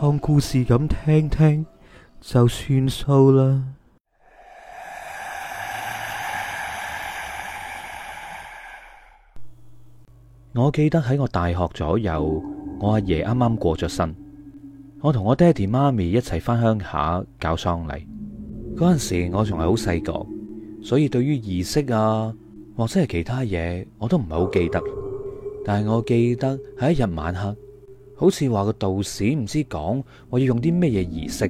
當故事咁聽聽就算數啦。我記得喺我大學左右，我阿爺啱啱過咗身，我同我爹地媽咪一齊翻鄉下搞喪禮。嗰陣時我仲係好細個，所以對於儀式啊或者係其他嘢，我都唔係好記得。但係我記得喺一日晚黑。好似話個道士唔知講，我要用啲咩嘢儀式，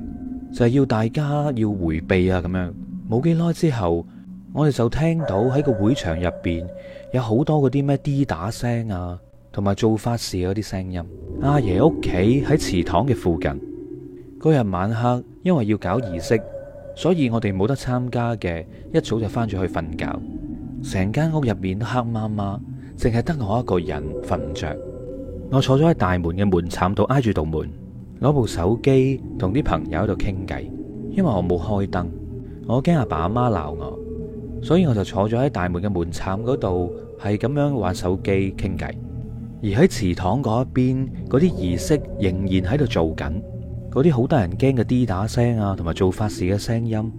就係要大家要回避啊咁樣。冇幾耐之後，我哋就聽到喺個會場入邊有好多嗰啲咩啲打聲啊，同埋做法事嗰啲聲音。阿爺屋企喺祠堂嘅附近。嗰日晚黑，因為要搞儀式，所以我哋冇得參加嘅，一早就翻咗去瞓覺。成間屋入面都黑麻麻，淨係得我一個人瞓唔着。我坐咗喺大門嘅門檻度挨住道門，攞部手機同啲朋友喺度傾偈。因為我冇開燈，我驚阿爸阿媽鬧我，所以我就坐咗喺大門嘅門檻嗰度，係咁樣玩手機傾偈。而喺祠堂嗰一邊，嗰啲儀式仍然喺度做緊，嗰啲好得人驚嘅滴打聲啊，同埋做法事嘅聲音，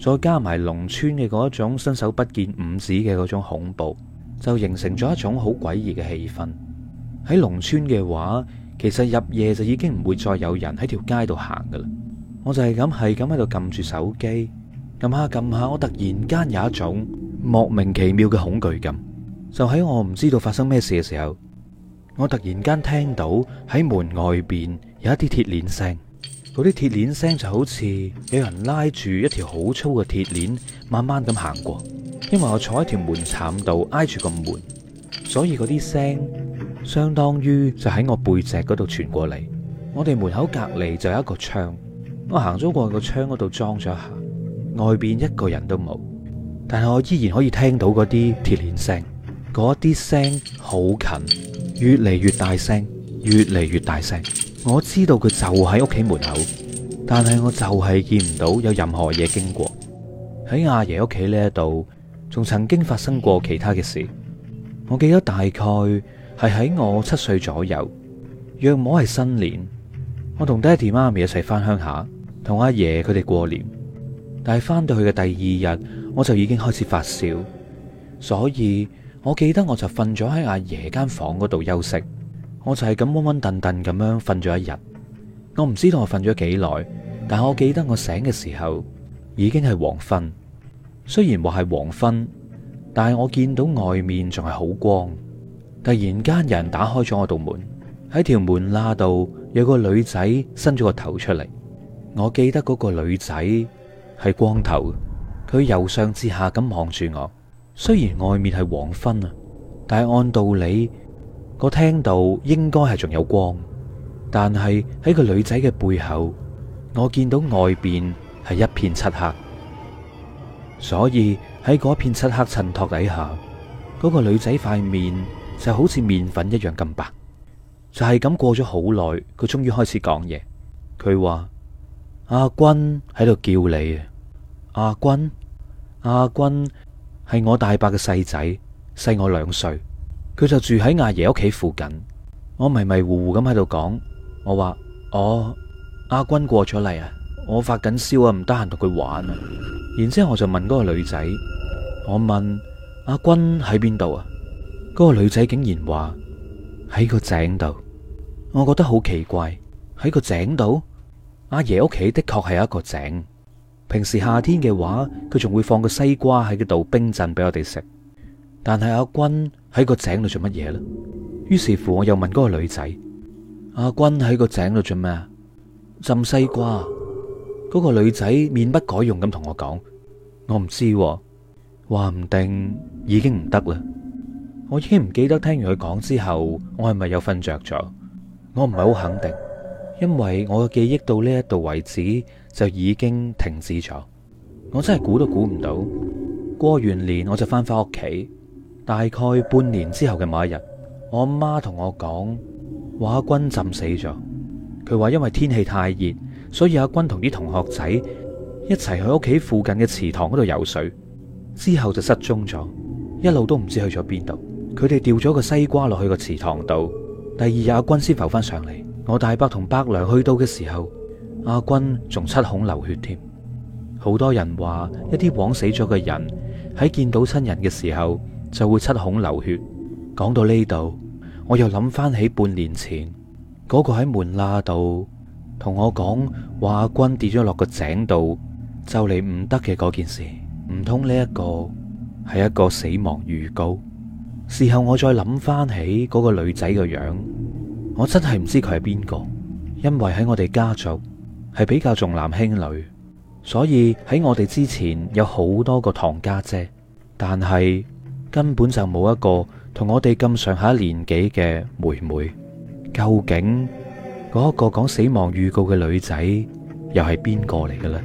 再加埋農村嘅嗰一種伸手不見五指嘅嗰種恐怖，就形成咗一種好詭異嘅氣氛。喺農村嘅話，其實入夜就已經唔會再有人喺條街度行噶啦。我就係咁係咁喺度撳住手機，撳下撳下，我突然間有一種莫名其妙嘅恐懼感。就喺我唔知道發生咩事嘅時候，我突然間聽到喺門外邊有一啲鐵鏈聲。嗰啲鐵鏈聲就好似有人拉住一條好粗嘅鐵鏈，慢慢咁行過。因為我坐喺條門檻度挨住個門，所以嗰啲聲。相當於就喺我背脊嗰度傳過嚟。我哋門口隔離就有一個窗，我行咗過去個窗嗰度裝咗下，外邊一個人都冇，但係我依然可以聽到嗰啲鐵鏈聲。嗰啲聲好近，越嚟越大聲，越嚟越大聲。我知道佢就喺屋企門口，但係我就係見唔到有任何嘢經過。喺阿爺屋企呢一度，仲曾經發生過其他嘅事。我記得大概。係喺我七歲左右，若果係新年，我同爹地媽咪一齊翻鄉下，同阿爺佢哋過年。但係翻到去嘅第二日，我就已經開始發燒，所以我記得我就瞓咗喺阿爺間房嗰度休息，我就係咁暈暈沌沌咁樣瞓咗一日。我唔知道我瞓咗幾耐，但我記得我醒嘅時候已經係黃昏。雖然話係黃昏，但係我見到外面仲係好光。突然間，有人打開咗我道門，喺條門罅度有個女仔伸咗個頭出嚟。我記得嗰個女仔係光頭，佢由上至下咁望住我。雖然外面係黃昏啊，但係按道理個廳度應該係仲有光，但係喺個女仔嘅背後，我見到外邊係一片漆黑，所以喺嗰片漆黑襯托底下，嗰個女仔塊面，就好似麵粉一樣咁白，就係咁過咗好耐，佢終於開始講嘢。佢話：阿君喺度叫你啊，阿君，阿君係我大伯嘅細仔，細我兩歲，佢就住喺阿爺屋企附近。我迷迷糊糊咁喺度講，我話：哦，阿君過咗嚟啊，我發緊燒啊，唔得閒同佢玩啊。然之後我就問嗰個女仔，我問阿君喺邊度啊？嗰個女仔竟然話喺個井度，我覺得好奇怪喺個井度。阿爺屋企的確係一個井，平時夏天嘅話佢仲會放個西瓜喺度冰鎮俾我哋食。但係阿君喺個井度做乜嘢呢？於是乎，我又問嗰個女仔：阿君喺個井度做咩？浸西瓜。嗰、那個女仔面不改容咁同我講：我唔知、啊，話唔定已經唔得啦。我已經唔記得聽完佢講之後我是是，我係咪有瞓着咗？我唔係好肯定，因為我嘅記憶到呢一度為止就已經停止咗。我真係估都估唔到，過完年我就翻返屋企，大概半年之後嘅某一日，我，我阿媽同我講話阿君浸死咗。佢話因為天氣太熱，所以阿君同啲同學仔一齊去屋企附近嘅祠堂嗰度游水，之後就失蹤咗，一路都唔知去咗邊度。佢哋掉咗個西瓜落去個池塘度。第二日，阿軍先浮翻上嚟。我大伯同伯娘去到嘅時候，阿軍仲七孔流血添。好多人話，一啲枉死咗嘅人喺見到親人嘅時候就會七孔流血。講到呢度，我又諗翻起半年前嗰個喺門罅度同我講話，阿軍跌咗落個井度就嚟唔得嘅嗰件事，唔通呢一個係一個死亡預告？事後我再諗翻起嗰個女仔嘅樣，我真係唔知佢係邊個，因為喺我哋家族係比較重男輕女，所以喺我哋之前有好多個堂家姐，但係根本就冇一個同我哋咁上下年紀嘅妹妹。究竟嗰個講死亡預告嘅女仔又係邊個嚟嘅咧？